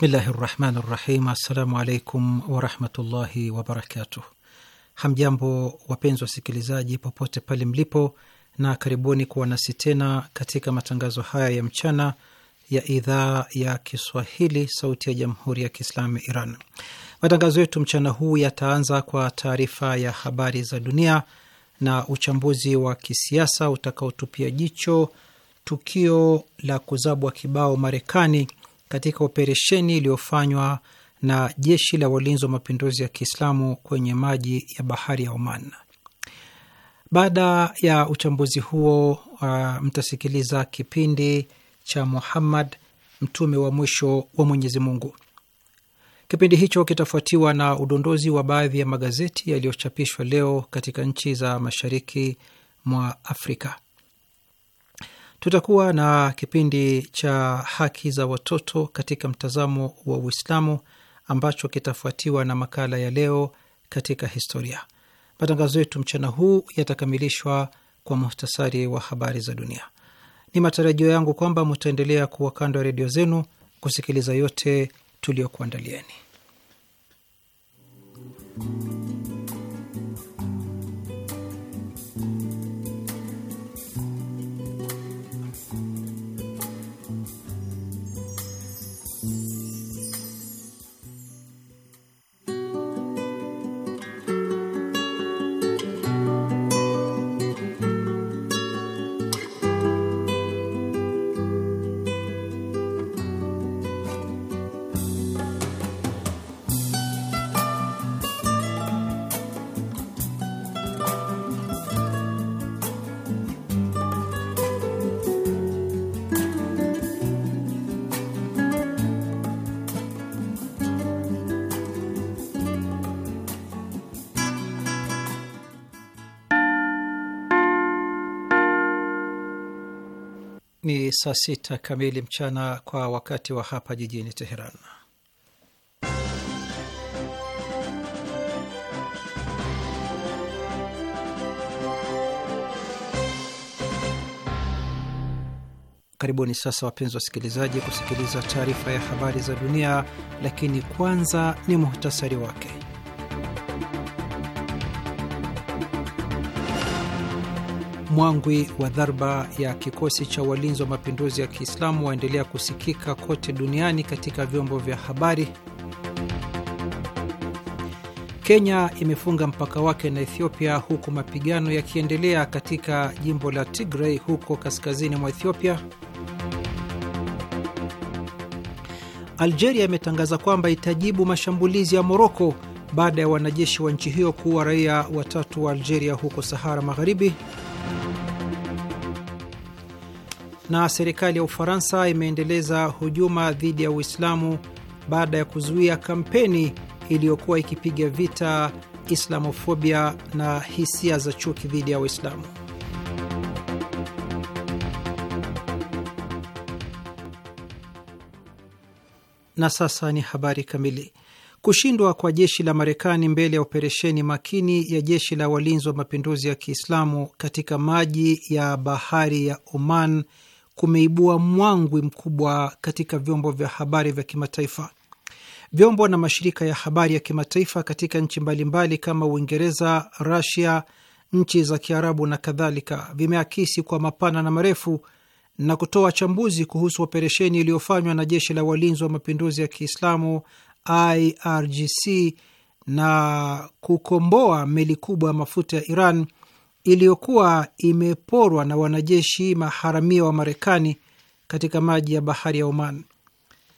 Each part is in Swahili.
Bismillahi rahmani rahim. Assalamu alaikum warahmatullahi wabarakatuh. Hamjambo wapenzi wasikilizaji, popote pale mlipo, na karibuni kuwa nasi tena katika matangazo haya ya mchana ya idhaa ya Kiswahili sauti ya jamhuri ya Kiislamu ya Iran. Matangazo yetu mchana huu yataanza kwa taarifa ya habari za dunia na uchambuzi wa kisiasa utakaotupia jicho tukio la kuzabwa kibao Marekani katika operesheni iliyofanywa na jeshi la walinzi wa mapinduzi ya Kiislamu kwenye maji ya bahari ya Oman. Baada ya uchambuzi huo, uh, mtasikiliza kipindi cha Muhammad mtume wa mwisho wa Mwenyezi Mungu. Kipindi hicho kitafuatiwa na udondozi wa baadhi ya magazeti yaliyochapishwa leo katika nchi za mashariki mwa Afrika. Tutakuwa na kipindi cha haki za watoto katika mtazamo wa Uislamu ambacho kitafuatiwa na makala ya leo katika historia. Matangazo yetu mchana huu yatakamilishwa kwa muhtasari wa habari za dunia. Ni matarajio yangu kwamba mutaendelea kuwa kando ya redio zenu kusikiliza yote tuliyokuandalieni. saa sita kamili mchana kwa wakati wa hapa jijini Teheran. Karibuni sasa, wapenzi wasikilizaji, kusikiliza taarifa ya habari za dunia, lakini kwanza ni muhtasari wake. Mwangwi wa dharba ya kikosi cha walinzi wa mapinduzi ya Kiislamu waendelea kusikika kote duniani katika vyombo vya habari. Kenya imefunga mpaka wake na Ethiopia huku mapigano yakiendelea katika jimbo la Tigray huko kaskazini mwa Ethiopia. Algeria imetangaza kwamba itajibu mashambulizi ya Moroko baada ya wanajeshi wa nchi hiyo kuua raia watatu wa Algeria huko Sahara Magharibi. na serikali ya Ufaransa imeendeleza hujuma dhidi ya Uislamu baada ya kuzuia kampeni iliyokuwa ikipiga vita islamofobia na hisia za chuki dhidi ya Waislamu. Na sasa ni habari kamili. Kushindwa kwa jeshi la Marekani mbele ya operesheni makini ya jeshi la walinzi wa mapinduzi ya Kiislamu katika maji ya bahari ya Oman kumeibua mwangwi mkubwa katika vyombo vya habari vya kimataifa. Vyombo na mashirika ya habari ya kimataifa katika nchi mbalimbali kama Uingereza, Rasia, nchi za Kiarabu na kadhalika vimeakisi kwa mapana na marefu na kutoa chambuzi kuhusu operesheni iliyofanywa na jeshi la walinzi wa mapinduzi ya Kiislamu IRGC na kukomboa meli kubwa ya mafuta ya Iran iliyokuwa imeporwa na wanajeshi maharamia wa Marekani katika maji ya bahari ya Oman.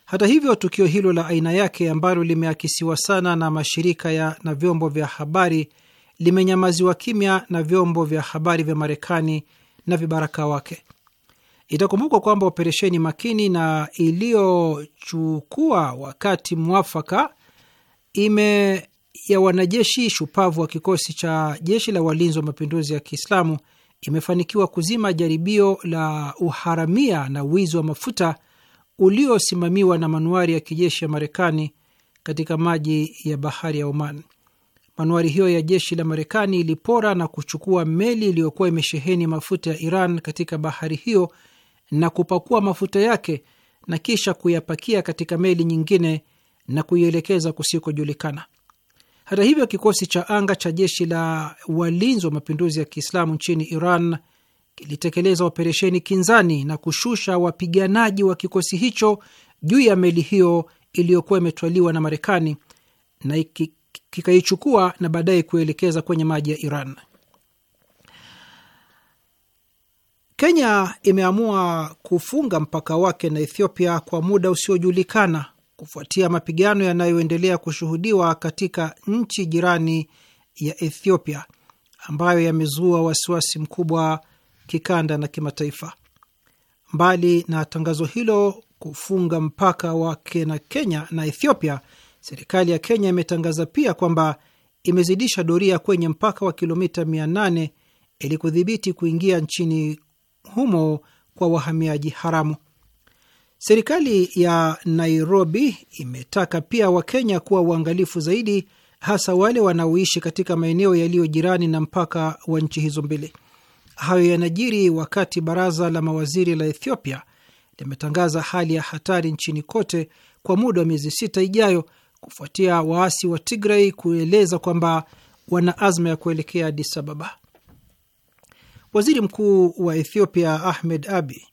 Hata hivyo, tukio hilo la aina yake ambalo limeakisiwa sana na mashirika ya na vyombo vya habari limenyamaziwa kimya na vyombo vya habari vya Marekani na vibaraka wake. Itakumbukwa kwamba operesheni makini na iliyochukua wakati mwafaka ime ya wanajeshi shupavu wa kikosi cha jeshi la walinzi wa mapinduzi ya Kiislamu imefanikiwa kuzima jaribio la uharamia na wizi wa mafuta uliosimamiwa na manuari ya kijeshi ya Marekani katika maji ya bahari ya Oman. Manuari hiyo ya jeshi la Marekani ilipora na kuchukua meli iliyokuwa imesheheni mafuta ya Iran katika bahari hiyo na kupakua mafuta yake na kisha kuyapakia katika meli nyingine na kuielekeza kusikojulikana. Hata hivyo, kikosi cha anga cha jeshi la walinzi wa mapinduzi ya Kiislamu nchini Iran kilitekeleza operesheni kinzani na kushusha wapiganaji wa kikosi hicho juu ya meli hiyo iliyokuwa imetwaliwa na Marekani na kikaichukua na baadaye kuelekeza kwenye maji ya Iran. Kenya imeamua kufunga mpaka wake na Ethiopia kwa muda usiojulikana kufuatia mapigano yanayoendelea kushuhudiwa katika nchi jirani ya Ethiopia ambayo yamezua wasiwasi mkubwa kikanda na kimataifa. Mbali na tangazo hilo kufunga mpaka wake na Kenya na Ethiopia, serikali ya Kenya imetangaza pia kwamba imezidisha doria kwenye mpaka wa kilomita 800 ili kudhibiti kuingia nchini humo kwa wahamiaji haramu. Serikali ya Nairobi imetaka pia Wakenya kuwa uangalifu zaidi, hasa wale wanaoishi katika maeneo yaliyo jirani na mpaka wa nchi hizo mbili. Hayo yanajiri wakati baraza la mawaziri la Ethiopia limetangaza hali ya hatari nchini kote kwa muda wa miezi sita ijayo kufuatia waasi wa Tigrei kueleza kwamba wana azma ya kuelekea Addis Ababa. Waziri Mkuu wa Ethiopia Ahmed Abi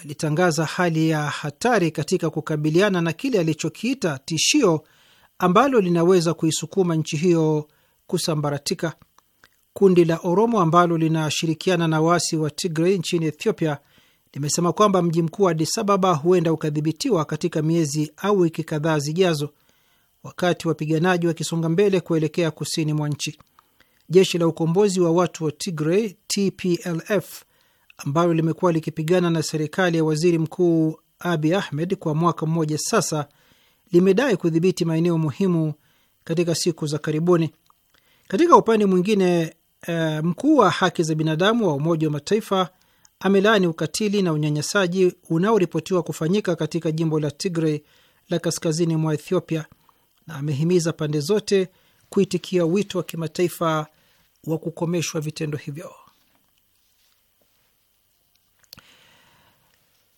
alitangaza hali ya hatari katika kukabiliana na kile alichokiita tishio ambalo linaweza kuisukuma nchi hiyo kusambaratika. Kundi la Oromo ambalo linashirikiana na waasi wa Tigray nchini Ethiopia limesema kwamba mji mkuu wa Addis Ababa huenda ukadhibitiwa katika miezi au wiki kadhaa zijazo, wakati wapiganaji wakisonga mbele kuelekea kusini mwa nchi. Jeshi la ukombozi wa watu wa Tigray TPLF ambalo limekuwa likipigana na serikali ya waziri mkuu Abi Ahmed kwa mwaka mmoja sasa, limedai kudhibiti maeneo muhimu katika siku za karibuni. Katika upande mwingine, eh, mkuu wa haki za binadamu wa Umoja wa Mataifa amelaani ukatili na unyanyasaji unaoripotiwa kufanyika katika jimbo la Tigray la kaskazini mwa Ethiopia na amehimiza pande zote kuitikia wito wa kimataifa wa kukomeshwa vitendo hivyo.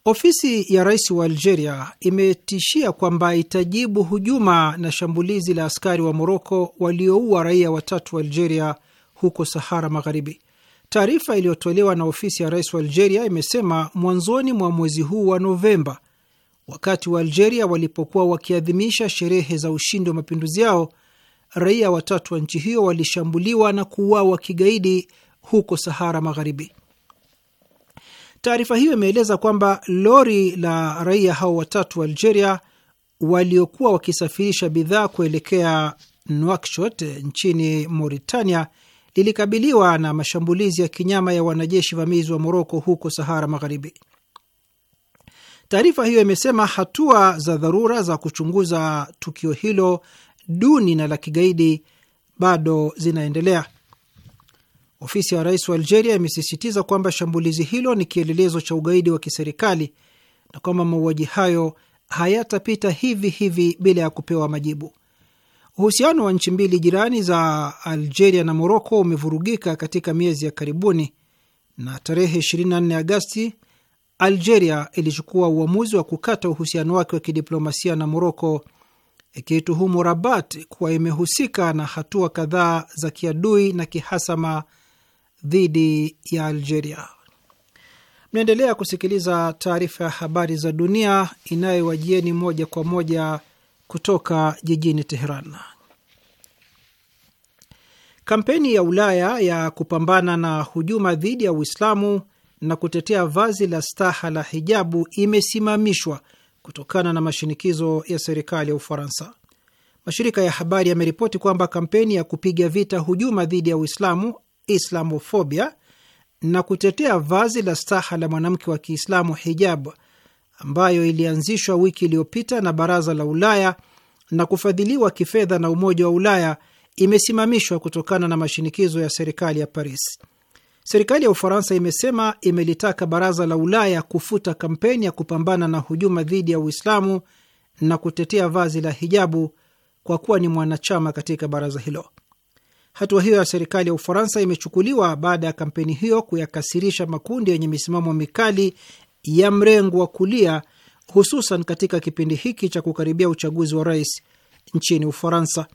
Ofisi ya rais wa Algeria imetishia kwamba itajibu hujuma na shambulizi la askari wa Moroko walioua raia watatu wa Algeria huko Sahara Magharibi. Taarifa iliyotolewa na ofisi ya rais wa Algeria imesema mwanzoni mwa mwezi huu wa Novemba, wakati wa Algeria walipokuwa wakiadhimisha sherehe za ushindi wa mapinduzi yao, raia watatu wa nchi hiyo walishambuliwa na kuuawa kigaidi huko Sahara Magharibi. Taarifa hiyo imeeleza kwamba lori la raia hao watatu wa Algeria waliokuwa wakisafirisha bidhaa kuelekea Nouakchott nchini Mauritania lilikabiliwa na mashambulizi ya kinyama ya wanajeshi vamizi wa Moroko huko Sahara Magharibi. Taarifa hiyo imesema hatua za dharura za kuchunguza tukio hilo duni na la kigaidi bado zinaendelea. Ofisi ya rais wa Algeria imesisitiza kwamba shambulizi hilo ni kielelezo cha ugaidi wa kiserikali na kwamba mauaji hayo hayatapita hivi hivi bila ya kupewa majibu. Uhusiano wa nchi mbili jirani za Algeria na Moroko umevurugika katika miezi ya karibuni, na tarehe 24 Agasti Algeria ilichukua uamuzi wa kukata uhusiano wake wa kidiplomasia na Moroko, ikituhumu Rabat kuwa imehusika na hatua kadhaa za kiadui na kihasama dhidi ya Algeria. Mnaendelea kusikiliza taarifa ya habari za dunia inayowajieni moja kwa moja kutoka jijini Teheran. Kampeni ya Ulaya ya kupambana na hujuma dhidi ya Uislamu na kutetea vazi la staha la hijabu imesimamishwa kutokana na mashinikizo ya serikali ya Ufaransa. Mashirika ya habari yameripoti kwamba kampeni ya kupiga vita hujuma dhidi ya Uislamu Islamofobia na kutetea vazi la staha la mwanamke wa Kiislamu hijab, ambayo ilianzishwa wiki iliyopita na Baraza la Ulaya na kufadhiliwa kifedha na Umoja wa Ulaya, imesimamishwa kutokana na mashinikizo ya serikali ya Paris. Serikali ya Ufaransa imesema imelitaka Baraza la Ulaya kufuta kampeni ya kupambana na hujuma dhidi ya Uislamu na kutetea vazi la hijabu kwa kuwa ni mwanachama katika baraza hilo. Hatua hiyo ya serikali ya Ufaransa imechukuliwa baada ya kampeni hiyo kuyakasirisha makundi yenye misimamo mikali ya mrengo wa kulia, hususan katika kipindi hiki cha kukaribia uchaguzi wa rais nchini Ufaransa.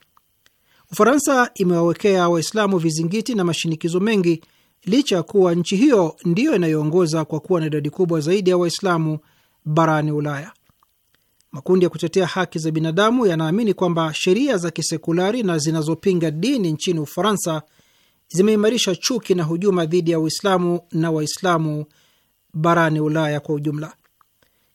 Ufaransa imewawekea Waislamu vizingiti na mashinikizo mengi licha ya kuwa nchi hiyo ndiyo inayoongoza kwa kuwa na idadi kubwa zaidi ya Waislamu barani Ulaya. Makundi ya kutetea haki za binadamu yanaamini kwamba sheria za kisekulari na zinazopinga dini nchini Ufaransa zimeimarisha chuki na hujuma dhidi ya Uislamu na Waislamu barani Ulaya kwa ujumla.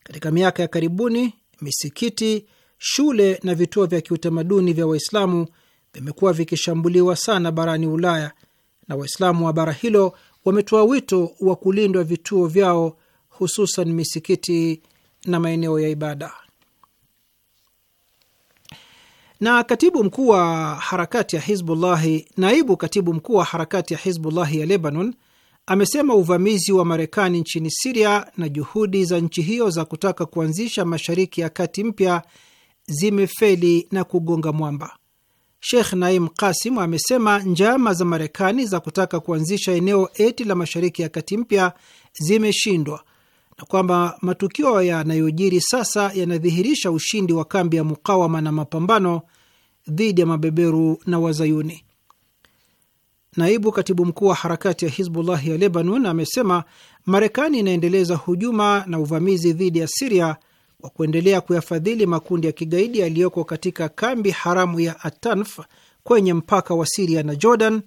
Katika miaka ya karibuni, misikiti, shule na vituo vya kiutamaduni vya Waislamu vimekuwa vikishambuliwa sana barani Ulaya, na Waislamu wa bara hilo wametoa wito wa kulindwa vituo vyao, hususan misikiti na maeneo ya ibada na katibu mkuu wa harakati ya Hizbullahi, naibu katibu mkuu wa harakati ya Hizbullahi ya Lebanon amesema uvamizi wa Marekani nchini Siria na juhudi za nchi hiyo za kutaka kuanzisha Mashariki ya Kati mpya zimefeli na kugonga mwamba. Sheikh Naim Kasim amesema njama za Marekani za kutaka kuanzisha eneo eti la Mashariki ya Kati mpya zimeshindwa na kwamba matukio yanayojiri sasa yanadhihirisha ushindi wa kambi ya mukawama na mapambano dhidi ya mabeberu na Wazayuni. Naibu katibu mkuu wa harakati ya Hizbullah ya Lebanon amesema Marekani inaendeleza hujuma na uvamizi dhidi ya Siria kwa kuendelea kuyafadhili makundi ya kigaidi yaliyoko katika kambi haramu ya Atanf kwenye mpaka wa Siria na Jordan,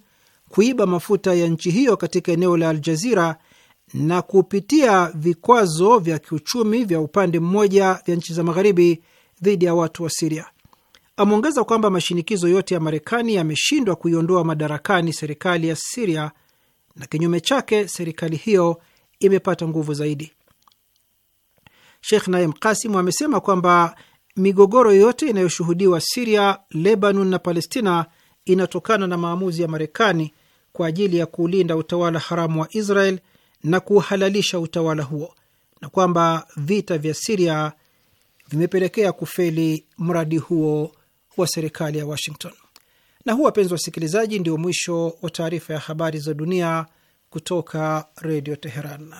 kuiba mafuta ya nchi hiyo katika eneo la Aljazira na kupitia vikwazo vya kiuchumi vya upande mmoja vya nchi za magharibi dhidi ya watu wa Siria. Ameongeza kwamba mashinikizo yote ya Marekani yameshindwa kuiondoa madarakani serikali ya Siria na kinyume chake serikali hiyo imepata nguvu zaidi. Sheikh Naim Kasim amesema kwamba migogoro yote inayoshuhudiwa Siria, Lebanon na Palestina inatokana na maamuzi ya Marekani kwa ajili ya kuulinda utawala haramu wa Israel na kuuhalalisha utawala huo na kwamba vita vya Siria vimepelekea kufeli mradi huo wa serikali ya Washington. Na huu, wapenzi wasikilizaji, ndio mwisho wa taarifa ya habari za dunia kutoka Redio Teheran.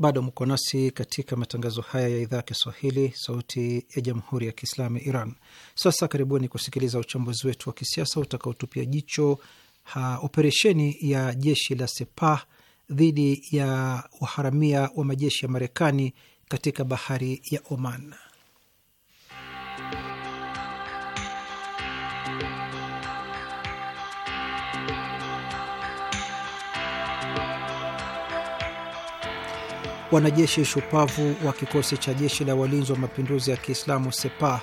Bado mko nasi katika matangazo haya ya idhaa ya Kiswahili, sauti ya jamhuri ya kiislamu ya Iran. Sasa karibuni kusikiliza uchambuzi wetu wa kisiasa utakaotupia jicho operesheni ya jeshi la Sepah dhidi ya uharamia wa majeshi ya Marekani katika bahari ya Oman. wanajeshi shupavu wa kikosi cha jeshi la walinzi wa mapinduzi ya Kiislamu sepa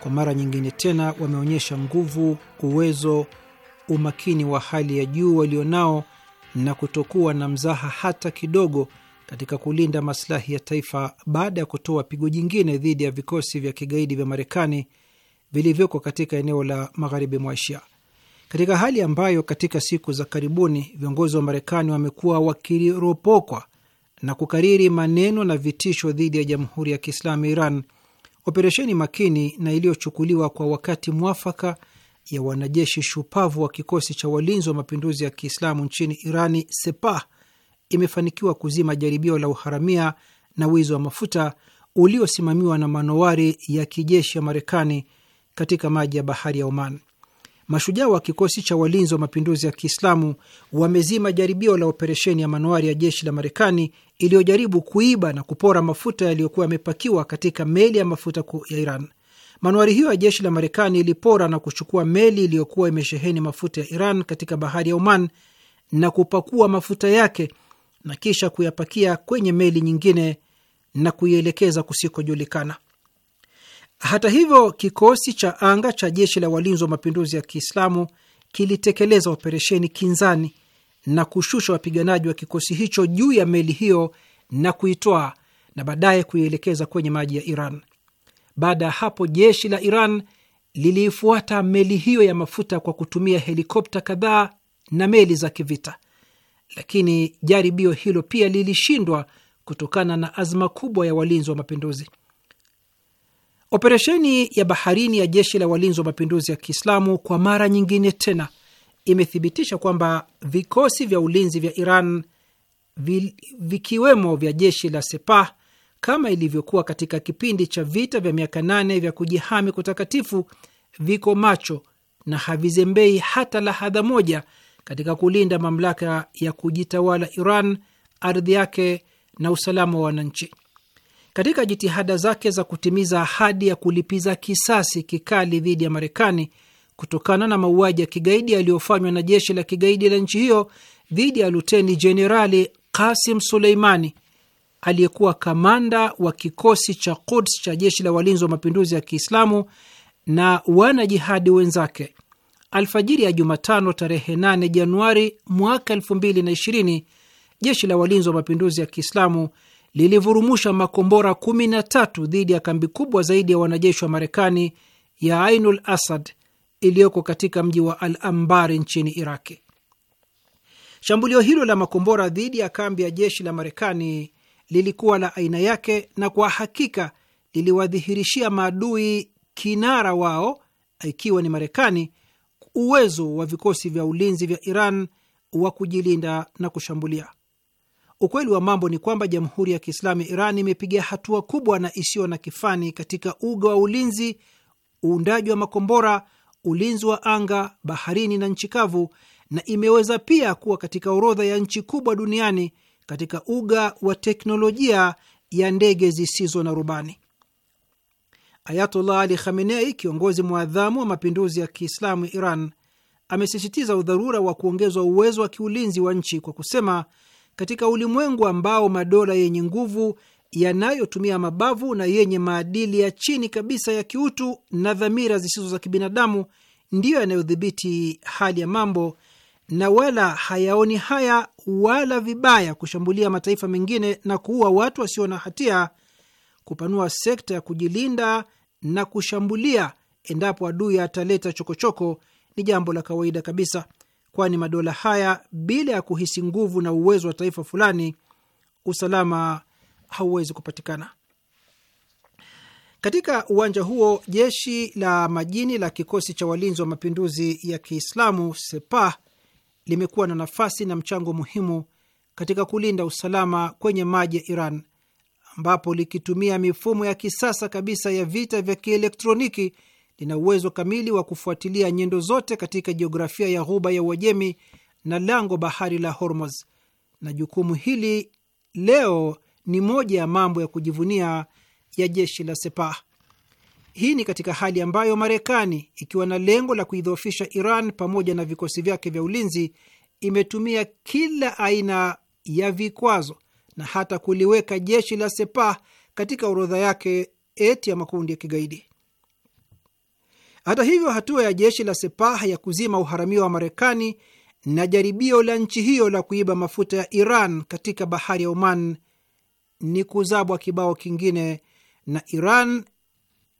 kwa mara nyingine tena wameonyesha nguvu, uwezo, umakini wa hali ya juu walionao na kutokuwa na mzaha hata kidogo katika kulinda maslahi ya taifa baada ya kutoa pigo jingine dhidi ya vikosi vya kigaidi vya Marekani vilivyoko katika eneo la magharibi mwa Asia, katika hali ambayo katika siku za karibuni viongozi wa Marekani wamekuwa wakiropokwa na kukariri maneno na vitisho dhidi ya Jamhuri ya Kiislamu Iran. Operesheni makini na iliyochukuliwa kwa wakati mwafaka ya wanajeshi shupavu wa kikosi cha walinzi wa mapinduzi ya Kiislamu nchini Irani, Sepah, imefanikiwa kuzima jaribio la uharamia na wizi wa mafuta uliosimamiwa na manowari ya kijeshi ya Marekani katika maji ya bahari ya Oman mashujaa wa kikosi cha walinzi wa mapinduzi ya Kiislamu wamezima jaribio la operesheni ya manuari ya jeshi la Marekani iliyojaribu kuiba na kupora mafuta yaliyokuwa yamepakiwa katika meli ya mafuta ya Iran. Manuari hiyo ya jeshi la Marekani ilipora na kuchukua meli iliyokuwa imesheheni mafuta ya Iran katika bahari ya Oman na kupakua mafuta yake na kisha kuyapakia kwenye meli nyingine na kuielekeza kusikojulikana. Hata hivyo, kikosi cha anga cha jeshi la walinzi wa mapinduzi ya Kiislamu kilitekeleza operesheni kinzani na kushusha wapiganaji wa kikosi hicho juu ya meli hiyo na kuitoa na baadaye kuielekeza kwenye maji ya Iran. Baada ya hapo, jeshi la Iran liliifuata meli hiyo ya mafuta kwa kutumia helikopta kadhaa na meli za kivita, lakini jaribio hilo pia lilishindwa kutokana na azma kubwa ya walinzi wa mapinduzi. Operesheni ya baharini ya jeshi la walinzi wa mapinduzi ya Kiislamu kwa mara nyingine tena imethibitisha kwamba vikosi vya ulinzi vya Iran vikiwemo vya jeshi la Sepah kama ilivyokuwa katika kipindi cha vita vya miaka nane vya kujihami kutakatifu viko macho na havizembei hata lahadha moja katika kulinda mamlaka ya kujitawala Iran, ardhi yake na usalama wa wananchi. Katika jitihada zake za kutimiza ahadi ya kulipiza kisasi kikali dhidi ya Marekani kutokana na mauaji ya kigaidi yaliyofanywa na jeshi la kigaidi la nchi hiyo dhidi ya Luteni Jenerali Kasim Suleimani aliyekuwa kamanda wa kikosi cha Quds cha jeshi la walinzi wa mapinduzi ya Kiislamu na wanajihadi wenzake. Alfajiri ya Jumatano tarehe 8 Januari mwaka 2020 jeshi la walinzi wa mapinduzi ya Kiislamu lilivurumusha makombora 13 dhidi ya kambi kubwa zaidi ya wanajeshi wa Marekani ya Ainul Asad iliyoko katika mji wa Al Ambari nchini Iraki. Shambulio hilo la makombora dhidi ya kambi ya jeshi la Marekani lilikuwa la aina yake na kwa hakika liliwadhihirishia maadui kinara wao, ikiwa ni Marekani, uwezo wa vikosi vya ulinzi vya Iran wa kujilinda na kushambulia. Ukweli wa mambo ni kwamba Jamhuri ya Kiislamu Iran imepiga hatua kubwa na isiyo na kifani katika uga wa ulinzi, uundaji wa makombora, ulinzi wa anga, baharini na nchi kavu, na imeweza pia kuwa katika orodha ya nchi kubwa duniani katika uga wa teknolojia ya ndege zisizo na rubani. Ayatollah Ali Khamenei, kiongozi mwadhamu wa mapinduzi ya Kiislamu Iran, amesisitiza udharura wa kuongezwa uwezo wa kiulinzi wa nchi kwa kusema katika ulimwengu ambao madola yenye nguvu yanayotumia mabavu na yenye maadili ya chini kabisa ya kiutu na dhamira zisizo za kibinadamu ndiyo yanayodhibiti hali ya mambo na wala hayaoni haya wala vibaya kushambulia mataifa mengine na kuua watu wasio na hatia, kupanua sekta ya kujilinda na kushambulia endapo adui ataleta chokochoko ni jambo la kawaida kabisa kwani madola haya bila ya kuhisi nguvu na uwezo wa taifa fulani, usalama hauwezi kupatikana. Katika uwanja huo, jeshi la majini la kikosi cha walinzi wa mapinduzi ya Kiislamu Sepah limekuwa na nafasi na mchango muhimu katika kulinda usalama kwenye maji ya Iran ambapo likitumia mifumo ya kisasa kabisa ya vita vya kielektroniki lina uwezo kamili wa kufuatilia nyendo zote katika jiografia ya ghuba ya Uajemi na lango bahari la Hormuz, na jukumu hili leo ni moja ya mambo ya kujivunia ya jeshi la Sepah. Hii ni katika hali ambayo Marekani ikiwa na lengo la kuidhoofisha Iran pamoja na vikosi vyake vya ulinzi imetumia kila aina ya vikwazo na hata kuliweka jeshi la Sepah katika orodha yake eti ya makundi ya kigaidi. Hata hivyo, hatua ya jeshi la Sepah ya kuzima uharamia wa Marekani na jaribio la nchi hiyo la kuiba mafuta ya Iran katika bahari ya Oman ni kuzabwa kibao kingine, na Iran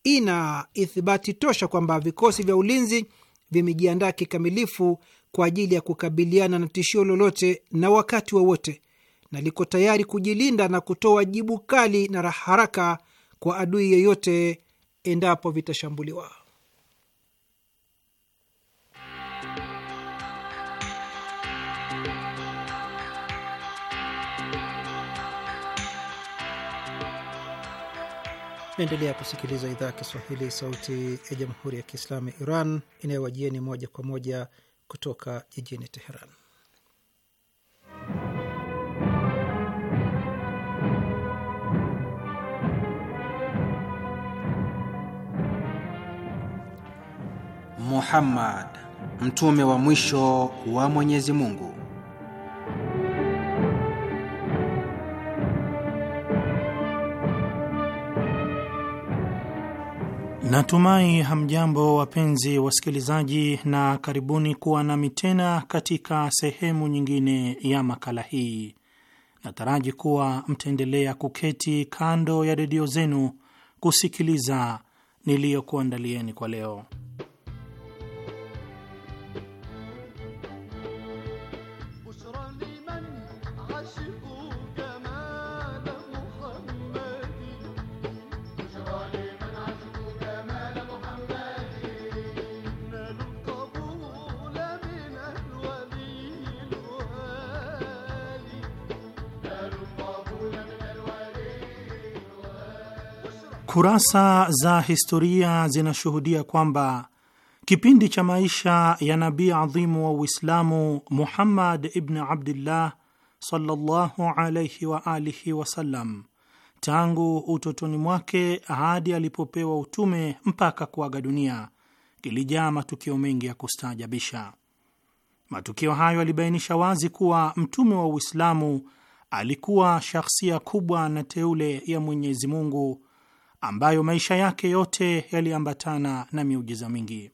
ina ithibati tosha kwamba vikosi vya ulinzi vimejiandaa kikamilifu kwa ajili ya kukabiliana na tishio lolote na wakati wowote wa na liko tayari kujilinda na kutoa jibu kali na haraka kwa adui yeyote endapo vitashambuliwa. Naendelea kusikiliza idhaa ya Kiswahili, sauti ya jamhuri ya kiislamu ya Iran inayowajieni moja kwa moja kutoka jijini Teheran. Muhammad, mtume wa mwisho wa Mwenyezi Mungu. Natumai hamjambo wapenzi wasikilizaji, na karibuni kuwa nami tena katika sehemu nyingine ya makala hii. Nataraji kuwa mtaendelea kuketi kando ya redio zenu kusikiliza niliyokuandalieni kwa leo. Kurasa za historia zinashuhudia kwamba kipindi cha maisha ya nabii adhimu wa Uislamu Muhammad ibn Abdullah sallallahu alayhi wa alihi wasallam, tangu utotoni mwake hadi alipopewa utume mpaka kuaga dunia kilijaa matukio mengi ya kustaajabisha. Matukio hayo yalibainisha wazi kuwa mtume wa Uislamu alikuwa shakhsia kubwa na teule ya Mwenyezi Mungu ambayo maisha yake yote yaliambatana na miujiza mingi.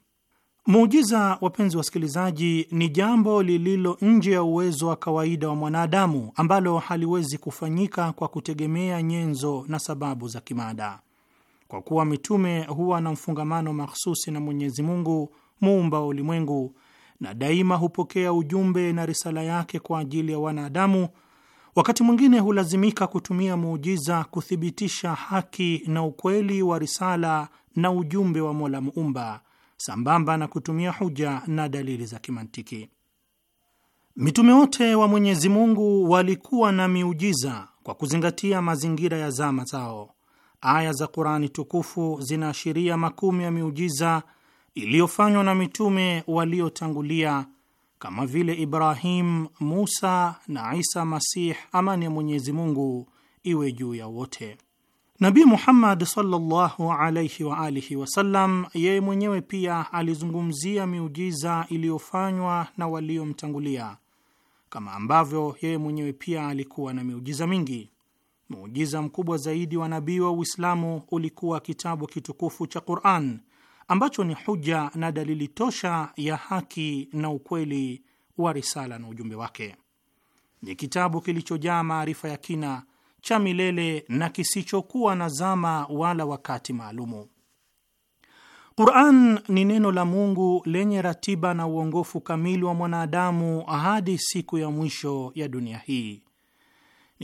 Muujiza, wapenzi wasikilizaji, ni jambo lililo nje ya uwezo wa kawaida wa mwanadamu ambalo haliwezi kufanyika kwa kutegemea nyenzo na sababu za kimada kwa kuwa mitume huwa na mfungamano mahsusi na Mwenyezi Mungu muumba wa ulimwengu, na daima hupokea ujumbe na risala yake kwa ajili ya wanadamu Wakati mwingine hulazimika kutumia muujiza kuthibitisha haki na ukweli wa risala na ujumbe wa Mola Muumba, sambamba na kutumia huja na dalili za kimantiki. Mitume wote wa Mwenyezi Mungu walikuwa na miujiza kwa kuzingatia mazingira ya zama zao. Aya za Kurani tukufu zinaashiria makumi ya miujiza iliyofanywa na mitume waliotangulia kama vile Ibrahim, Musa na Isa Masih, amani ya Mwenyezi Mungu iwe juu ya wote. Nabi Muhammad sallallahu alayhi wa alihi wasallam, yeye mwenyewe pia alizungumzia miujiza iliyofanywa na waliomtangulia, kama ambavyo yeye mwenyewe pia alikuwa na miujiza mingi. Muujiza mkubwa zaidi wa nabii wa Uislamu ulikuwa kitabu kitukufu cha Quran ambacho ni huja na dalili tosha ya haki na ukweli wa risala na ujumbe wake. Ni kitabu kilichojaa maarifa ya kina cha milele na kisichokuwa na zama wala wakati maalumu. Quran ni neno la Mungu lenye ratiba na uongofu kamili wa mwanadamu hadi siku ya mwisho ya dunia hii.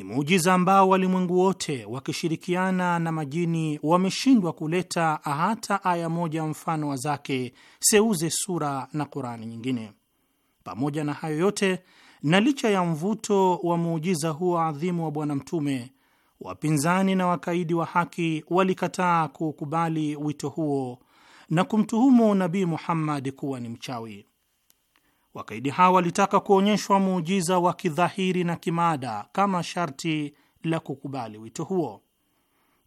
Ni muujiza ambao walimwengu wote wakishirikiana na majini wameshindwa kuleta hata aya moja mfano wa zake, seuze sura na Qurani nyingine. Pamoja na hayo yote na licha ya mvuto wa muujiza huo adhimu wa Bwana Mtume, wapinzani na wakaidi wa haki walikataa kuukubali wito huo na kumtuhumu Nabii Muhammad kuwa ni mchawi. Wakaidi hawa walitaka kuonyeshwa muujiza wa kidhahiri na kimaada kama sharti la kukubali wito huo.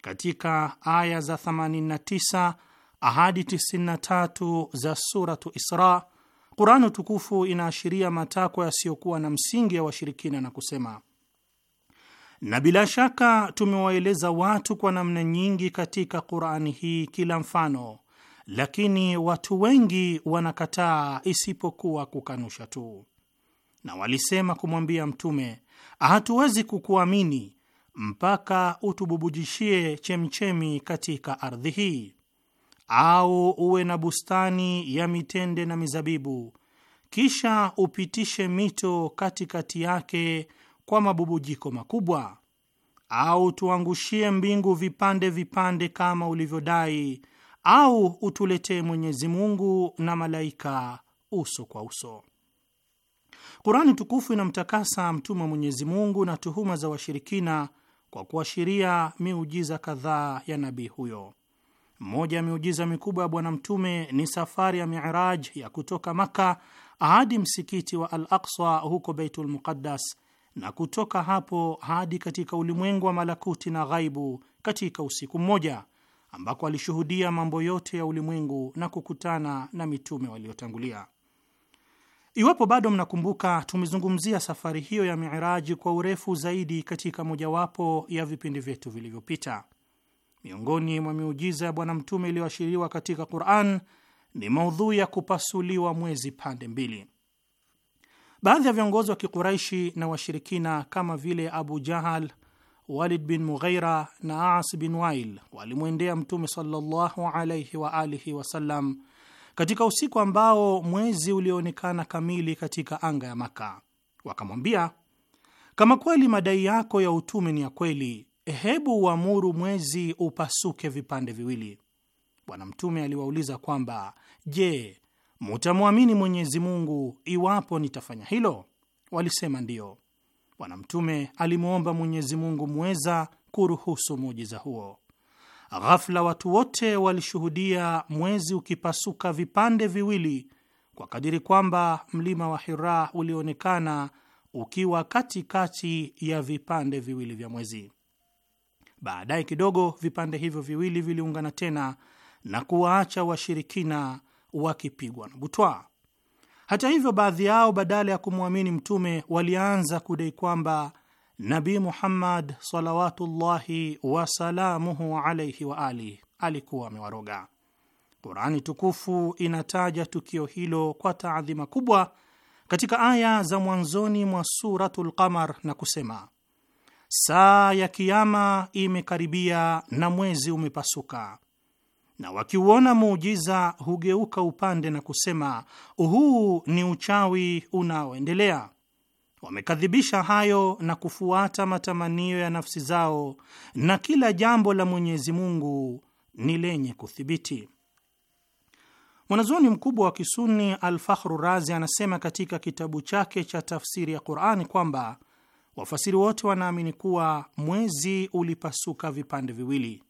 Katika aya za 89 ahadi 93 za Suratu Isra, qurani tukufu inaashiria matakwa yasiyokuwa na msingi ya washirikina na kusema, na bila shaka tumewaeleza watu kwa namna nyingi katika qurani hii kila mfano lakini watu wengi wanakataa isipokuwa kukanusha tu. Na walisema kumwambia Mtume, hatuwezi kukuamini mpaka utububujishie chemchemi katika ardhi hii, au uwe na bustani ya mitende na mizabibu, kisha upitishe mito katikati yake kwa mabubujiko makubwa, au tuangushie mbingu vipande vipande kama ulivyodai au utuletee Mwenyezi Mungu na malaika uso kwa uso. Kurani tukufu inamtakasa mtume wa Mwenyezi Mungu na tuhuma za washirikina kwa kuashiria miujiza kadhaa ya nabii huyo. Mmoja ya miujiza mikubwa ya Bwana Mtume ni safari ya Miraj ya kutoka Maka hadi msikiti wa Al Aksa huko Beitul Muqaddas, na kutoka hapo hadi katika ulimwengu wa malakuti na ghaibu katika usiku mmoja ambako alishuhudia mambo yote ya ulimwengu na kukutana na mitume waliotangulia. Iwapo bado mnakumbuka, tumezungumzia safari hiyo ya Miraji kwa urefu zaidi katika mojawapo ya vipindi vyetu vilivyopita. Miongoni mwa miujiza ya Bwana Mtume iliyoashiriwa katika Quran ni maudhui ya kupasuliwa mwezi pande mbili. Baadhi ya viongozi wa Kikuraishi na washirikina kama vile Abu Jahal Walid bin Mughaira na As bin Wail walimwendea Mtume sallallahu alaihi wa alihi wasallam katika usiku ambao mwezi ulioonekana kamili katika anga ya Maka. Wakamwambia, kama kweli madai yako ya utume ni ya kweli, hebu uamuru mwezi upasuke vipande viwili. Bwana Mtume aliwauliza kwamba je, mutamwamini Mwenyezi Mungu iwapo nitafanya hilo? Walisema ndiyo. Bwana Mtume alimwomba Mwenyezi Mungu mweza kuruhusu muujiza huo. Ghafla watu wote walishuhudia mwezi ukipasuka vipande viwili kwa kadiri kwamba mlima wa Hira ulionekana ukiwa katikati ya vipande viwili vya mwezi. Baadaye kidogo vipande hivyo viwili viliungana tena na kuwaacha washirikina wakipigwa na butwaa. Hata hivyo, baadhi yao badala ya kumwamini mtume walianza kudai kwamba Nabi Muhammad salawatullahi wasalamuhu alaihi wa ali alikuwa amewaroga. Qurani tukufu inataja tukio hilo kwa taadhima kubwa katika aya za mwanzoni mwa suratu lqamar na kusema, saa ya Kiama imekaribia na mwezi umepasuka na wakiuona muujiza hugeuka upande na kusema huu ni uchawi unaoendelea. Wamekadhibisha hayo na kufuata matamanio ya nafsi zao, na kila jambo la Mwenyezi Mungu ni lenye kuthibiti. Mwanazuoni mkubwa wa Kisuni Alfakhru Razi anasema katika kitabu chake cha tafsiri ya Qurani kwamba wafasiri wote wanaamini kuwa mwezi ulipasuka vipande viwili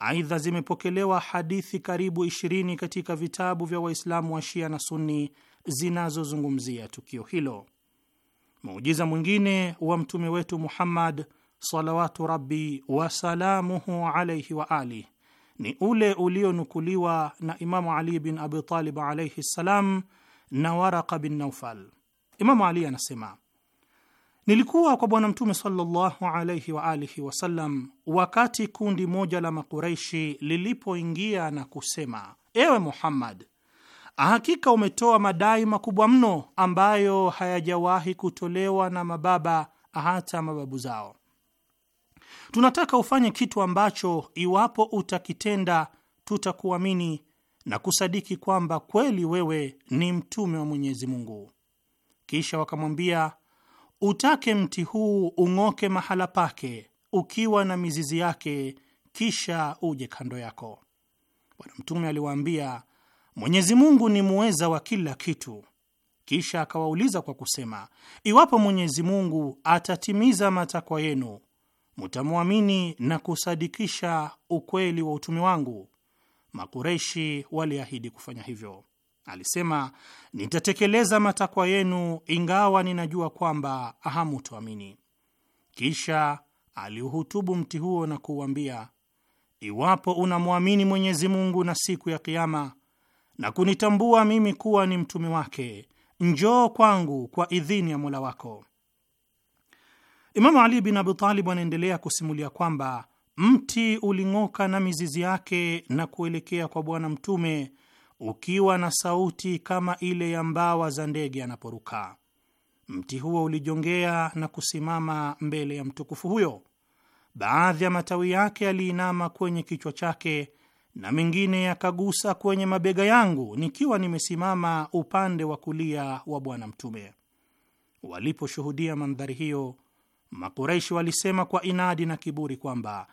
Aidha, zimepokelewa hadithi karibu 20 katika vitabu vya Waislamu wa Shia na Sunni zinazozungumzia tukio hilo. Muujiza mwingine wa mtume wetu Muhammad salawatu rabbi wasalamuhu alaihi wa alih ni ule ulionukuliwa na Imamu Ali bin Abi Talib alaihi ssalam na Waraka bin Naufal. Imamu Ali anasema Nilikuwa kwa Bwana Mtume sallallahu alaihi wa alihi wasallam wakati kundi moja la Makuraishi lilipoingia na kusema, ewe Muhammad, hakika umetoa madai makubwa mno ambayo hayajawahi kutolewa na mababa hata mababu zao. Tunataka ufanye kitu ambacho iwapo utakitenda tutakuamini na kusadiki kwamba kweli wewe ni mtume wa Mwenyezi Mungu. Kisha wakamwambia Utake mti huu ung'oke mahala pake ukiwa na mizizi yake, kisha uje kando yako. Bwana Mtume aliwaambia, Mwenyezi Mungu ni muweza wa kila kitu. Kisha akawauliza kwa kusema, iwapo Mwenyezi Mungu atatimiza matakwa yenu, mutamwamini na kusadikisha ukweli wa utume wangu? Makureshi waliahidi kufanya hivyo. Alisema, nitatekeleza matakwa yenu, ingawa ninajua kwamba hamutoamini. Kisha aliuhutubu mti huo na kuuambia, iwapo unamwamini Mwenyezi Mungu na siku ya Kiama na kunitambua mimi kuwa ni mtume wake, njoo kwangu kwa idhini ya mola wako. Imamu Ali bin Abi Talib anaendelea kusimulia kwamba mti uling'oka na mizizi yake na kuelekea kwa Bwana Mtume ukiwa na sauti kama ile ya mbawa za ndege anaporuka. Mti huo ulijongea na kusimama mbele ya mtukufu huyo. Baadhi ya matawi yake yaliinama kwenye kichwa chake na mengine yakagusa kwenye mabega yangu nikiwa nimesimama upande wa kulia wa Bwana Mtume. Waliposhuhudia mandhari hiyo, Makuraishi walisema kwa inadi na kiburi kwamba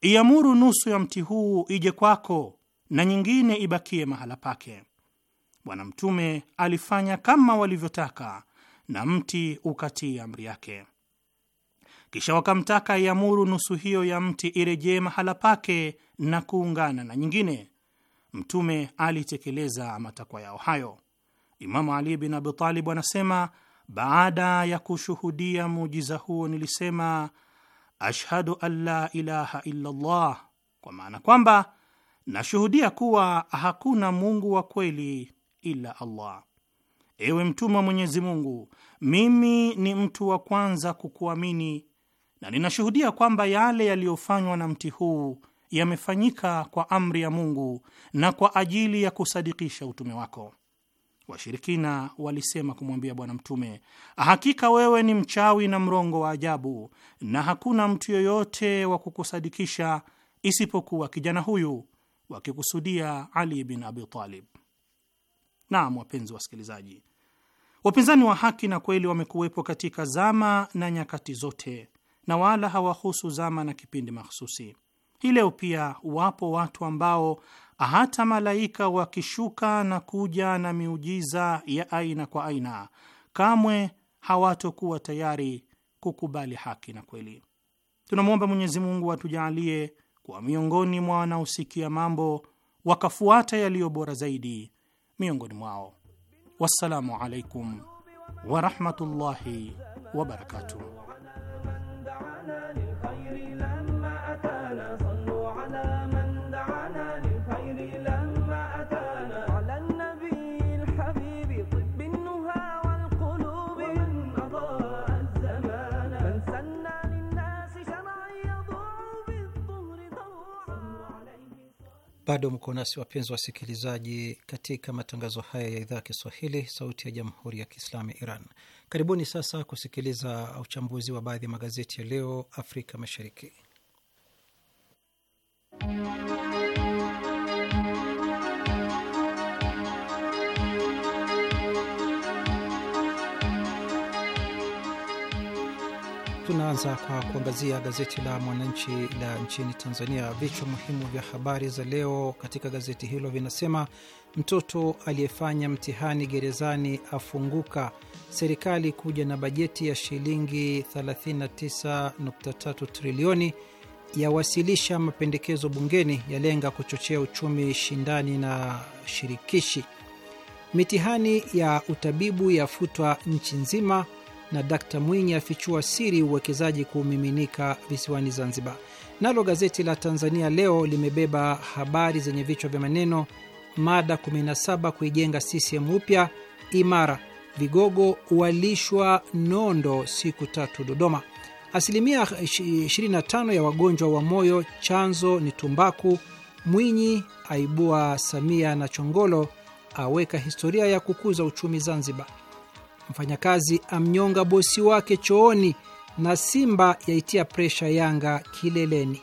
iamuru nusu ya mti huu ije kwako na nyingine ibakie mahala pake. Bwana Mtume alifanya kama walivyotaka na mti ukatii amri yake. Kisha wakamtaka iamuru nusu hiyo ya mti irejee mahala pake na kuungana na nyingine. Mtume alitekeleza matakwa yao hayo. Imamu Ali bin Abi Talib anasema, baada ya kushuhudia muujiza huo nilisema ashhadu an la ilaha illa Allah, kwa maana kwamba Nashuhudia kuwa hakuna Mungu wa kweli ila Allah. Ewe Mtume wa Mwenyezi Mungu, mimi ni mtu wa kwanza kukuamini na ninashuhudia kwamba yale yaliyofanywa na mti huu yamefanyika kwa amri ya Mungu na kwa ajili ya kusadikisha utume wako. Washirikina walisema kumwambia Bwana Mtume, hakika wewe ni mchawi na mrongo wa ajabu, na hakuna mtu yoyote wa kukusadikisha isipokuwa kijana huyu wakikusudia Ali bin Abi Talib. Naam, wapenzi wasikilizaji, wapinzani wa haki na kweli wamekuwepo katika zama na nyakati zote, na wala hawahusu zama na kipindi mahsusi. Hii leo pia wapo watu ambao hata malaika wakishuka na kuja na miujiza ya aina kwa aina, kamwe hawatokuwa tayari kukubali haki na kweli. Tunamwomba Mwenyezi Mungu atujaalie kuwa miongoni mwa wanaosikia mambo wakafuata yaliyo bora zaidi miongoni mwao. Wassalamu alaikum warahmatullahi wabarakatuh. Bado mko nasi wapenzi wasikilizaji, katika matangazo haya ya idhaa ya Kiswahili, sauti ya jamhuri ya kiislamu ya Iran. Karibuni sasa kusikiliza uchambuzi wa baadhi ya magazeti ya leo Afrika Mashariki. Tunaanza kwa kuangazia gazeti la Mwananchi la nchini Tanzania. Vichwa muhimu vya habari za leo katika gazeti hilo vinasema: mtoto aliyefanya mtihani gerezani afunguka, serikali kuja na bajeti ya shilingi 39.3 trilioni, yawasilisha mapendekezo bungeni, yalenga kuchochea uchumi shindani na shirikishi, mitihani ya utabibu yafutwa nchi nzima na Dkta Mwinyi afichua siri uwekezaji kumiminika visiwani Zanzibar. Nalo gazeti la Tanzania Leo limebeba habari zenye vichwa vya maneno: mada 17 kuijenga CCM upya imara, vigogo walishwa nondo siku tatu Dodoma, asilimia 25 ya wagonjwa wa moyo chanzo ni tumbaku, Mwinyi aibua Samia na Chongolo aweka historia ya kukuza uchumi Zanzibar, mfanyakazi amnyonga bosi wake chooni, na Simba yaitia presha Yanga kileleni.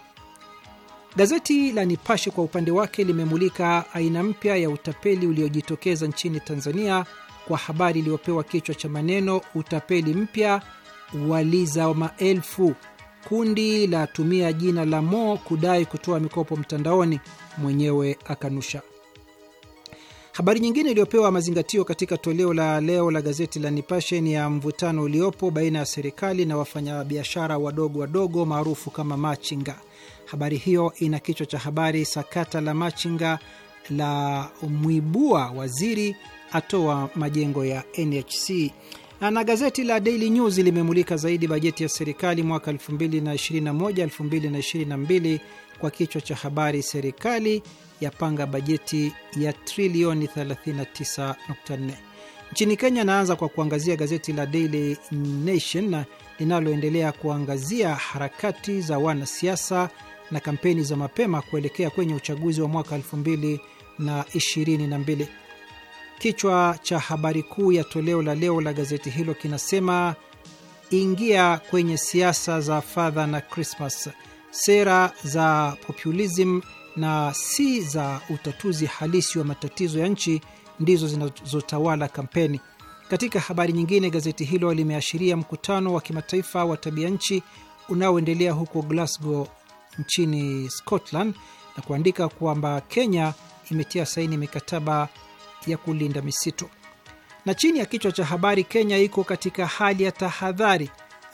Gazeti la Nipashe kwa upande wake limemulika aina mpya ya utapeli uliojitokeza nchini Tanzania kwa habari iliyopewa kichwa cha maneno utapeli mpya waliza wa maelfu. Kundi la tumia jina la Mo kudai kutoa mikopo mtandaoni, mwenyewe akanusha. Habari nyingine iliyopewa mazingatio katika toleo la leo la gazeti la Nipashe ni ya mvutano uliopo baina ya serikali na wafanyabiashara wadogo wadogo maarufu kama machinga. Habari hiyo ina kichwa cha habari, sakata la machinga la mwibua waziri atoa majengo ya NHC. Na gazeti la Daily News limemulika zaidi bajeti ya serikali mwaka 2021 2022 kwa kichwa cha habari, serikali yapanga bajeti ya trilioni 39.4. Nchini Kenya, anaanza kwa kuangazia gazeti la Daily Nation linaloendelea kuangazia harakati za wanasiasa na kampeni za mapema kuelekea kwenye uchaguzi wa mwaka 2022. Kichwa cha habari kuu ya toleo la leo la gazeti hilo kinasema ingia kwenye siasa za fadha na Krismas sera za populism na si za utatuzi halisi wa matatizo ya nchi ndizo zinazotawala kampeni. Katika habari nyingine, gazeti hilo limeashiria mkutano wa kimataifa wa tabia nchi unaoendelea huko Glasgow nchini Scotland na kuandika kwamba Kenya imetia saini mikataba ya kulinda misitu. Na chini ya kichwa cha habari, Kenya iko katika hali ya tahadhari,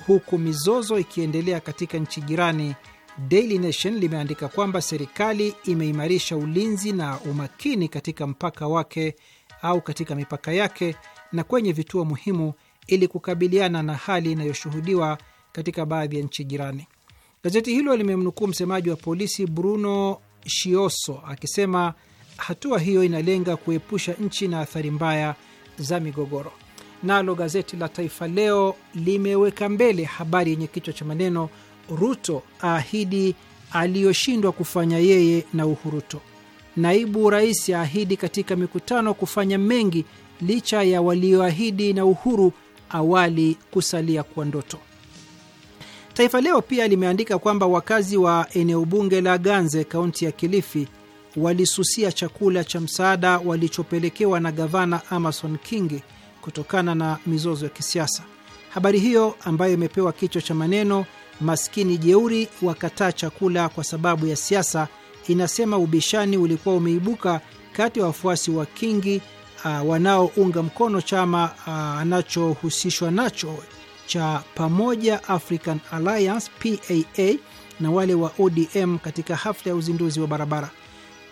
huku mizozo ikiendelea katika nchi jirani Daily Nation limeandika kwamba serikali imeimarisha ulinzi na umakini katika mpaka wake au katika mipaka yake na kwenye vituo muhimu ili kukabiliana na hali inayoshuhudiwa katika baadhi ya nchi jirani. Gazeti hilo limemnukuu msemaji wa polisi Bruno Shioso akisema hatua hiyo inalenga kuepusha nchi na athari mbaya za migogoro. Nalo gazeti la Taifa Leo limeweka mbele habari yenye kichwa cha maneno Ruto aahidi aliyoshindwa kufanya yeye na Uhuruto. Naibu rais aahidi katika mikutano kufanya mengi licha ya walioahidi na Uhuru awali kusalia kwa ndoto. Taifa Leo pia limeandika kwamba wakazi wa eneo bunge la Ganze, kaunti ya Kilifi, walisusia chakula cha msaada walichopelekewa na gavana Amason Kingi kutokana na mizozo ya kisiasa. Habari hiyo ambayo imepewa kichwa cha maneno maskini jeuri wakataa chakula kwa sababu ya siasa. Inasema ubishani ulikuwa umeibuka kati ya wafuasi wa Kingi uh, wanaounga mkono chama uh, anachohusishwa uh, nacho cha Pamoja African Alliance PAA na wale wa ODM katika hafla ya uzinduzi wa barabara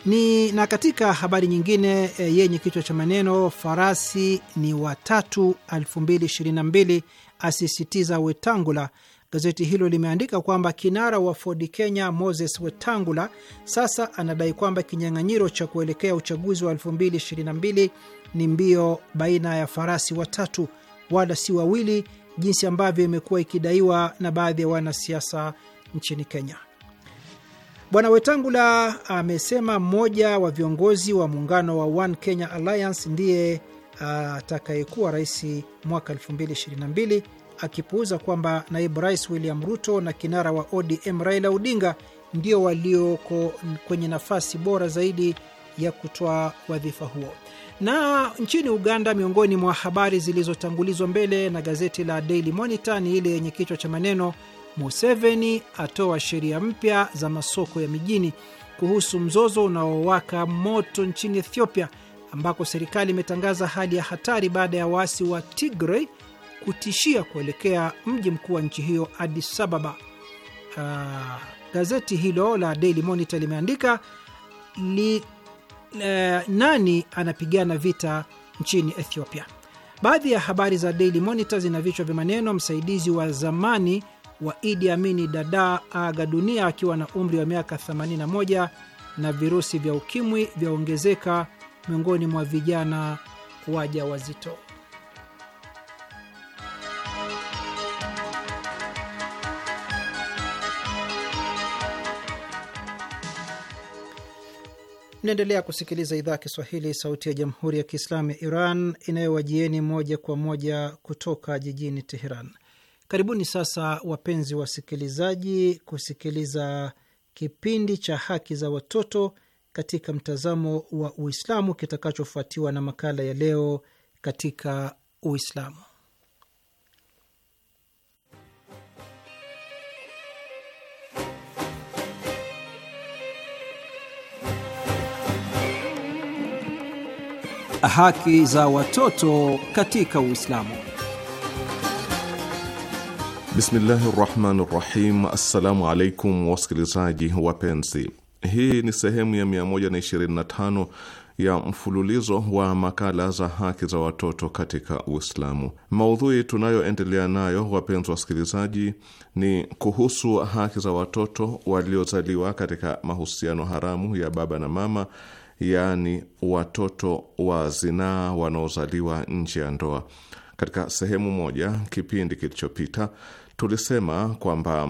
ni. Na katika habari nyingine e, yenye kichwa cha maneno farasi ni watatu 2022 asisitiza Wetangula Gazeti hilo limeandika kwamba kinara wa Ford Kenya Moses Wetangula sasa anadai kwamba kinyang'anyiro cha kuelekea uchaguzi wa 2022 ni mbio baina ya farasi watatu wala si wawili, jinsi ambavyo imekuwa ikidaiwa na baadhi ya wanasiasa nchini Kenya. Bwana Wetangula amesema mmoja wa viongozi wa muungano wa One Kenya Alliance ndiye uh, atakayekuwa rais mwaka 2022 akipuuza kwamba naibu rais William Ruto na kinara wa ODM Raila Odinga ndio walioko kwenye nafasi bora zaidi ya kutoa wadhifa huo. Na nchini Uganda, miongoni mwa habari zilizotangulizwa mbele na gazeti la Daily Monitor ni ile yenye kichwa cha maneno Museveni atoa sheria mpya za masoko ya mijini kuhusu mzozo unaowaka moto nchini Ethiopia ambako serikali imetangaza hali ya hatari baada ya waasi wa Tigray kutishia kuelekea mji mkuu wa nchi hiyo Addis Ababa. Uh, gazeti hilo la Daily Monitor limeandika li, uh, nani anapigana vita nchini Ethiopia. Baadhi ya habari za Daily Monitor zina vichwa vya maneno: msaidizi wa zamani wa Idi Amini Dada aga dunia akiwa na umri wa miaka 81, na virusi vya ukimwi vyaongezeka miongoni mwa vijana wajawazito. Mnaendelea kusikiliza idhaa ya Kiswahili, sauti ya jamhuri ya kiislamu ya Iran inayowajieni moja kwa moja kutoka jijini Teheran. Karibuni sasa, wapenzi wasikilizaji, kusikiliza kipindi cha haki za watoto katika mtazamo wa Uislamu kitakachofuatiwa na makala ya leo katika Uislamu. Haki za watoto katika Uislamu. Bismillahi rahmani rahim. Assalamu alaikum wasikilizaji wapenzi, hii ni sehemu ya 125 ya mfululizo wa makala za haki za watoto katika Uislamu. Maudhui tunayoendelea nayo, wapenzi wasikilizaji, ni kuhusu haki za watoto waliozaliwa katika mahusiano haramu ya baba na mama yaani watoto wa zinaa wanaozaliwa nje ya ndoa. Katika sehemu moja kipindi kilichopita, tulisema kwamba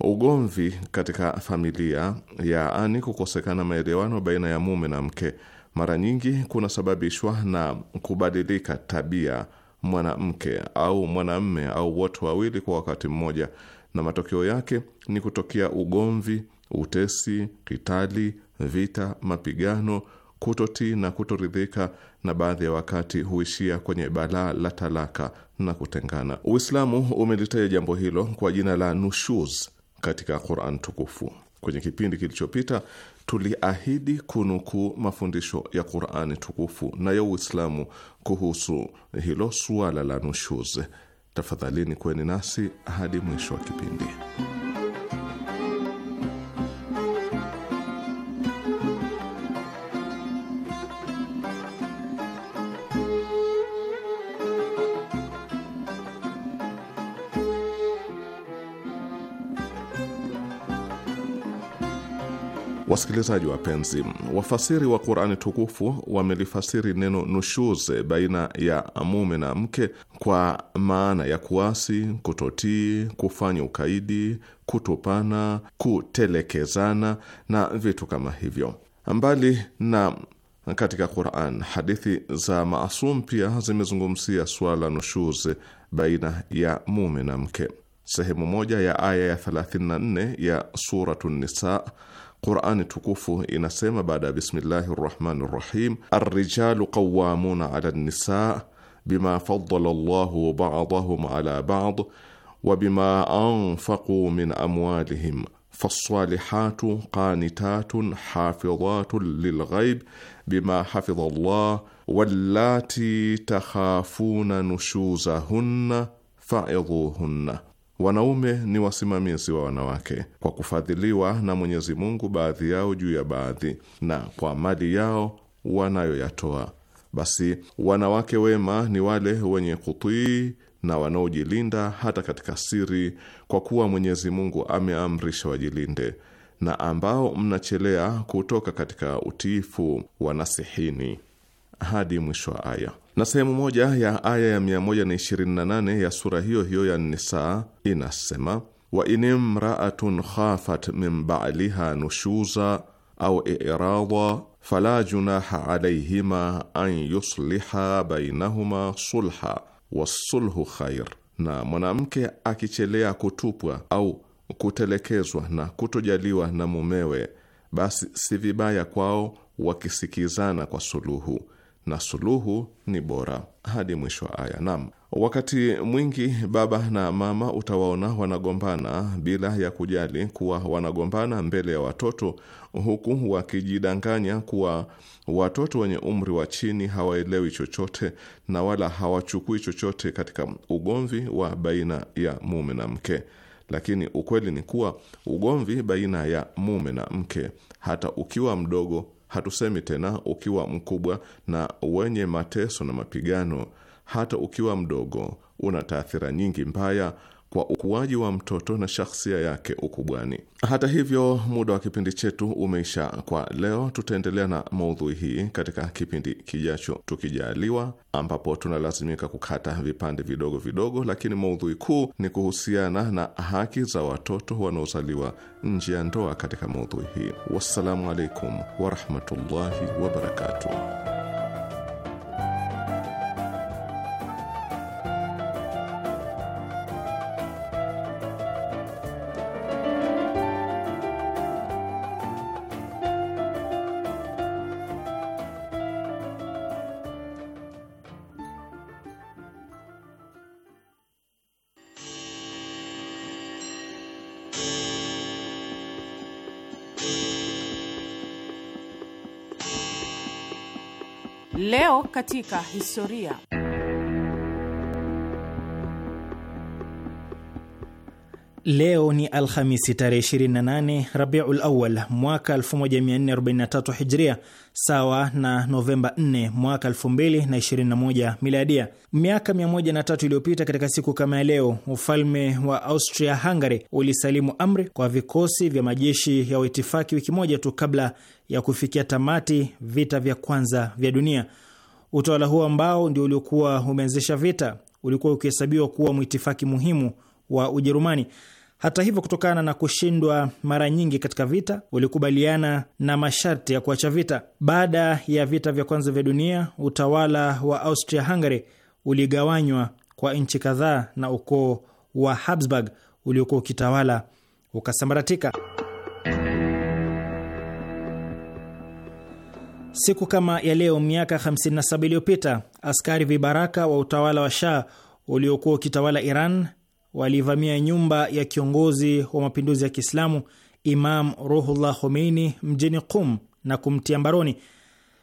ugomvi katika familia, yaani kukosekana maelewano baina ya mume na mke, mara nyingi kunasababishwa na kubadilika tabia mwanamke au mwanamme au wote wawili kwa wakati mmoja, na matokeo yake ni kutokea ugomvi, utesi, kitali vita, mapigano, kutotii na kutoridhika, na baadhi ya wakati huishia kwenye balaa la talaka na kutengana. Uislamu umelitaja jambo hilo kwa jina la nushuz katika Quran tukufu. Kwenye kipindi kilichopita tuliahidi kunukuu mafundisho ya Qurani tukufu na ya Uislamu kuhusu hilo suala la nushuz. Tafadhalini kweni nasi hadi mwisho wa kipindi. Wasikilizaji wapenzi, wafasiri wa Qurani tukufu wamelifasiri neno nushuze baina ya mume na mke kwa maana ya kuasi, kutotii, kufanya ukaidi, kutupana, kutelekezana na vitu kama hivyo. Mbali na katika Quran, hadithi za maasum pia zimezungumzia suala nushuze baina ya mume na mke. Sehemu moja ya aya ya 34 ya Suratu Nisa Qurani tukufu inasema baada ya bismillahi rahmani rahim, arrijalu qawamuna ala nisaa bima faddala Allahu badahum ala bad wa bima anfaqu min amwalihim fassalihatu qanitatun hafidhatun lilghaib bima hafidha Allah wallati takhafuna nushuzahunna faidhuhunna Wanaume ni wasimamizi wa wanawake kwa kufadhiliwa na Mwenyezi Mungu baadhi yao juu ya baadhi, na kwa mali yao wanayoyatoa. Basi wanawake wema ni wale wenye kutii na wanaojilinda hata katika siri, kwa kuwa Mwenyezi Mungu ameamrisha wajilinde, na ambao mnachelea kutoka katika utiifu wanasihini. Hadi mwisho wa aya na sehemu moja ya aya ya 128 ya sura hiyo hiyo ya nisa inasema wa imraatun khafat min baliha nushuza au irada fala junaha alaihima an yusliha bainahuma sulha wassulhu khair, na mwanamke akichelea kutupwa au kutelekezwa na kutojaliwa na mumewe, basi si vibaya kwao wakisikizana kwa suluhu na suluhu ni bora hadi mwisho wa aya. Nam, wakati mwingi baba na mama utawaona wanagombana bila ya kujali kuwa wanagombana mbele ya watoto, huku wakijidanganya kuwa watoto wenye umri wa chini hawaelewi chochote na wala hawachukui chochote katika ugomvi wa baina ya mume na mke. Lakini ukweli ni kuwa ugomvi baina ya mume na mke, hata ukiwa mdogo Hatusemi tena ukiwa mkubwa na wenye mateso na mapigano, hata ukiwa mdogo una taathira nyingi mbaya kwa ukuaji wa mtoto na shakhsia yake ukubwani. Hata hivyo, muda wa kipindi chetu umeisha kwa leo. Tutaendelea na maudhui hii katika kipindi kijacho tukijaliwa, ambapo tunalazimika kukata vipande vidogo vidogo, lakini maudhui kuu ni kuhusiana na haki za watoto wanaozaliwa nje ya ndoa katika maudhui hii. Wassalamu alaikum warahmatullahi wabarakatuh. katika historia. Leo ni Alhamisi tarehe 28 Rabiul Awal mwaka 1443 Hijria, sawa na Novemba 4 mwaka 2021 Miladia. Miaka 103 iliyopita katika siku kama ya leo, ufalme wa Austria Hungary ulisalimu amri kwa vikosi vya majeshi ya waitifaki, wiki moja tu kabla ya kufikia tamati vita vya kwanza vya dunia. Utawala huo ambao ndio uliokuwa umeanzisha vita ulikuwa ukihesabiwa kuwa mwitifaki muhimu wa Ujerumani. Hata hivyo, kutokana na kushindwa mara nyingi katika vita, ulikubaliana na masharti ya kuacha vita. Baada ya vita vya kwanza vya dunia, utawala wa Austria Hungary uligawanywa kwa nchi kadhaa na ukoo wa Habsburg uliokuwa ukitawala ukasambaratika. Siku kama ya leo miaka 57 iliyopita askari vibaraka wa utawala wa Shah uliokuwa ukitawala Iran walivamia nyumba ya kiongozi wa mapinduzi ya Kiislamu Imam Ruhullah Khomeini mjini Qum na kumtia mbaroni.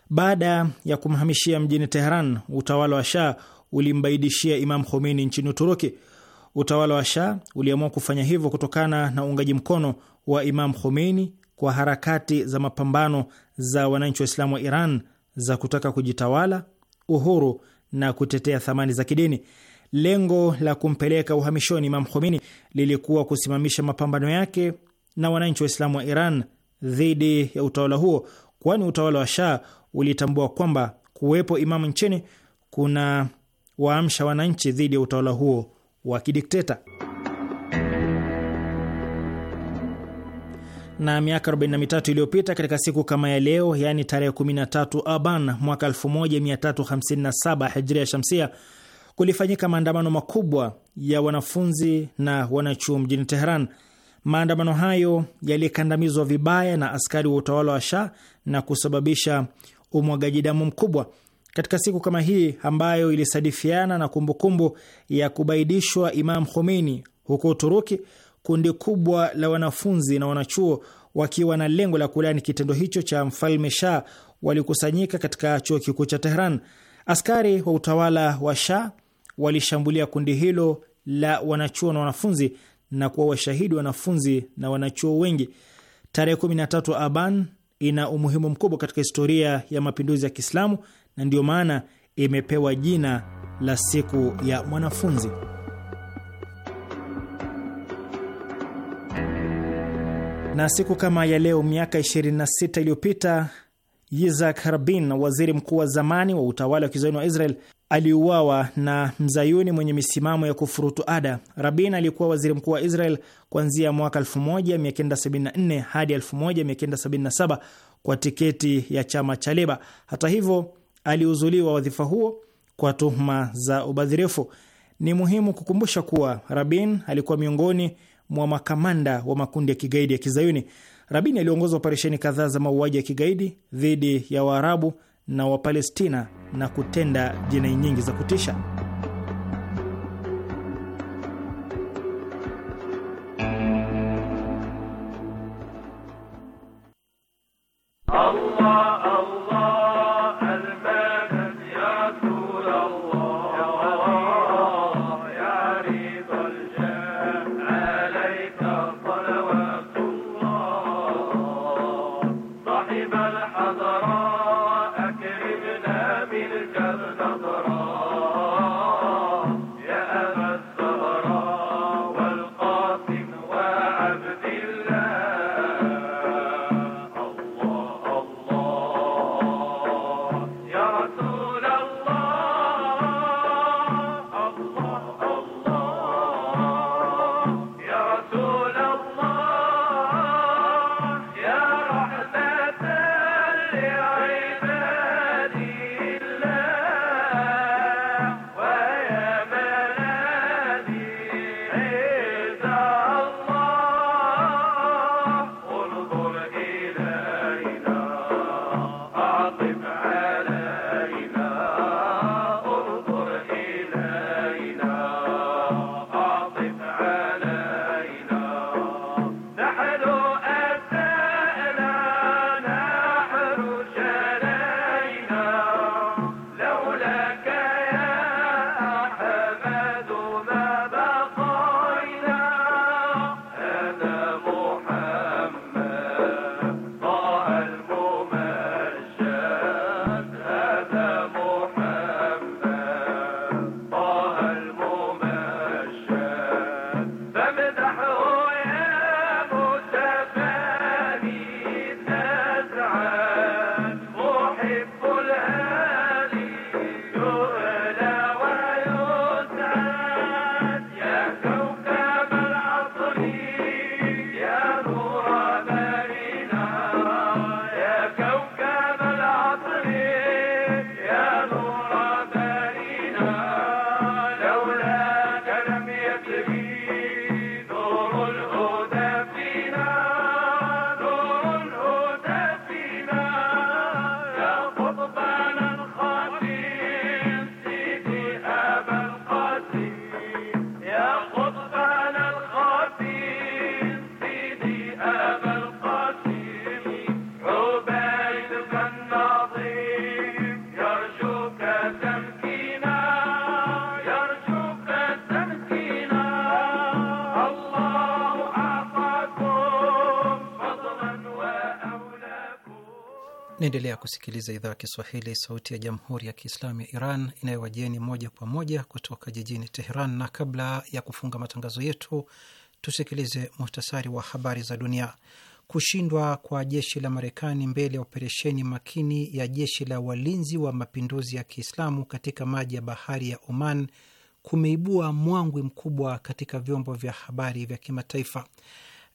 Baada ya kumhamishia mjini Tehran, utawala wa Shah ulimbaidishia Imam Khomeini nchini Uturuki. Utawala wa Shah uliamua kufanya hivyo kutokana na uungaji mkono wa Imam Khomeini kwa harakati za mapambano za wananchi Waislamu wa Iran za kutaka kujitawala, uhuru na kutetea thamani za kidini. Lengo la kumpeleka uhamishoni Imam Khomeini lilikuwa kusimamisha mapambano yake na wananchi wa islamu wa Iran dhidi ya utawala huo, kwani utawala wa Shah ulitambua kwamba kuwepo imamu nchini kuna waamsha wananchi dhidi ya utawala huo wa kidikteta. na miaka 43 iliyopita katika siku kama ya leo, yaani tarehe 13 Aban mwaka 1357 hijria shamsia, kulifanyika maandamano makubwa ya wanafunzi na wanachuo mjini Teheran. Maandamano hayo yalikandamizwa vibaya na askari wa utawala wa Shah na kusababisha umwagaji damu mkubwa. Katika siku kama hii ambayo ilisadifiana na kumbukumbu ya kubaidishwa Imam Khomeini huko Uturuki, kundi kubwa la wanafunzi na wanachuo wakiwa na lengo la kulani kitendo hicho cha mfalme Shah walikusanyika katika chuo kikuu cha Tehran. Askari wa utawala wa Shah walishambulia kundi hilo la wanachuo na wanafunzi na kuwa washahidi wanafunzi na wanachuo wengi. Tarehe 13 Aban ina umuhimu mkubwa katika historia ya mapinduzi ya Kiislamu na ndiyo maana imepewa jina la siku ya mwanafunzi. Na siku kama ya leo miaka 26 iliyopita Yitzhak Rabin, waziri mkuu wa zamani wa utawala wa kizayuni wa Israel, aliuawa na mzayuni mwenye misimamo ya kufurutu ada. Rabin alikuwa waziri mkuu wa Israel kuanzia mwaka 1974 hadi 1977 kwa tiketi ya chama cha Leba. Hata hivyo, aliuzuliwa wadhifa huo kwa tuhuma za ubadhirifu. Ni muhimu kukumbusha kuwa Rabin alikuwa miongoni mwa makamanda wa makundi ya kigaidi ya Kizayuni. Rabini aliongoza operesheni kadhaa za mauaji ya kigaidi dhidi ya Waarabu na Wapalestina na kutenda jinai nyingi za kutisha. Mnaendelea kusikiliza idhaa ya Kiswahili, sauti ya jamhuri ya kiislamu ya Iran inayowajieni moja kwa moja kutoka jijini Teheran. Na kabla ya kufunga matangazo yetu, tusikilize muhtasari wa habari za dunia. Kushindwa kwa jeshi la Marekani mbele ya operesheni makini ya jeshi la walinzi wa mapinduzi ya Kiislamu katika maji ya bahari ya Oman kumeibua mwangwi mkubwa katika vyombo vya habari vya kimataifa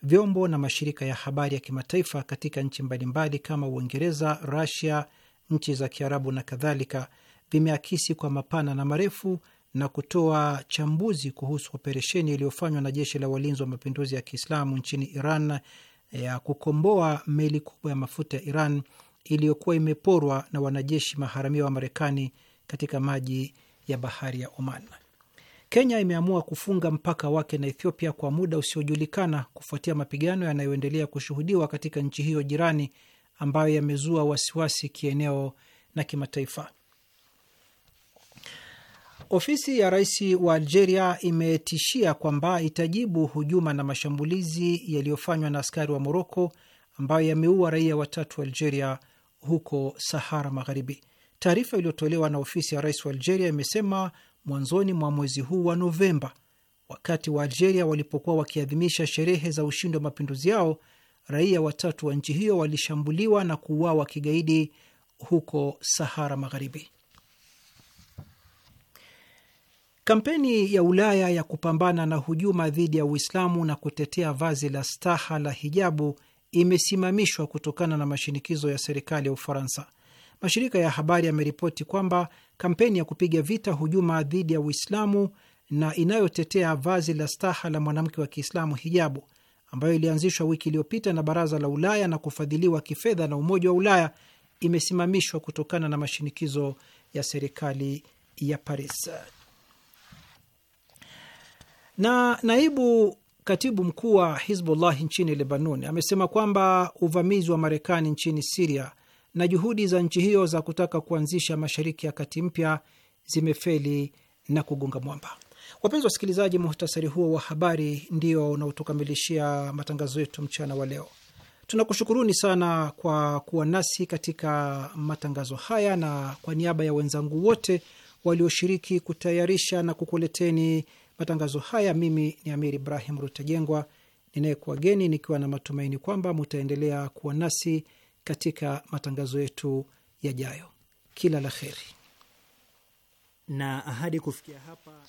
vyombo na mashirika ya habari ya kimataifa katika nchi mbalimbali kama Uingereza, Rasia, nchi za Kiarabu na kadhalika vimeakisi kwa mapana na marefu na kutoa chambuzi kuhusu operesheni iliyofanywa na jeshi la walinzi wa mapinduzi ya Kiislamu nchini Iran ya kukomboa meli kubwa ya mafuta ya Iran iliyokuwa imeporwa na wanajeshi maharamia wa Marekani katika maji ya bahari ya Oman. Kenya imeamua kufunga mpaka wake na Ethiopia kwa muda usiojulikana kufuatia mapigano yanayoendelea kushuhudiwa katika nchi hiyo jirani ambayo yamezua wasiwasi kieneo na kimataifa. Ofisi ya rais wa Algeria imetishia kwamba itajibu hujuma na mashambulizi yaliyofanywa na askari wa Moroko ambayo yameua raia watatu wa Algeria huko Sahara Magharibi. Taarifa iliyotolewa na ofisi ya rais wa Algeria imesema mwanzoni mwa mwezi huu wa Novemba, wakati wa Algeria walipokuwa wakiadhimisha sherehe za ushindi wa mapinduzi yao, raia watatu wa nchi hiyo walishambuliwa na kuuawa kigaidi huko Sahara Magharibi. Kampeni ya Ulaya ya kupambana na hujuma dhidi ya Uislamu na kutetea vazi la staha la hijabu imesimamishwa kutokana na mashinikizo ya serikali ya Ufaransa Mashirika ya habari yameripoti kwamba kampeni ya kupiga vita hujuma dhidi ya Uislamu na inayotetea vazi la staha la mwanamke wa Kiislamu, hijabu, ambayo ilianzishwa wiki iliyopita na Baraza la Ulaya na kufadhiliwa kifedha na Umoja wa Ulaya imesimamishwa kutokana na mashinikizo ya serikali ya Paris. Na naibu katibu mkuu wa Hizbullah nchini Lebanon amesema kwamba uvamizi wa Marekani nchini Siria na juhudi za nchi hiyo za kutaka kuanzisha Mashariki ya Kati mpya zimefeli na kugonga mwamba. Wapenzi wasikilizaji, muhtasari huo wa habari ndio unaotukamilishia matangazo yetu mchana wa leo. Tunakushukuruni sana kwa kuwa nasi katika matangazo haya, na kwa niaba ya wenzangu wote walioshiriki kutayarisha na kukuleteni matangazo haya, mimi ni Amir Ibrahim Rutajengwa ninayekuwageni nikiwa na matumaini kwamba mutaendelea kuwa nasi katika matangazo yetu yajayo. Kila la heri na ahadi kufikia hapa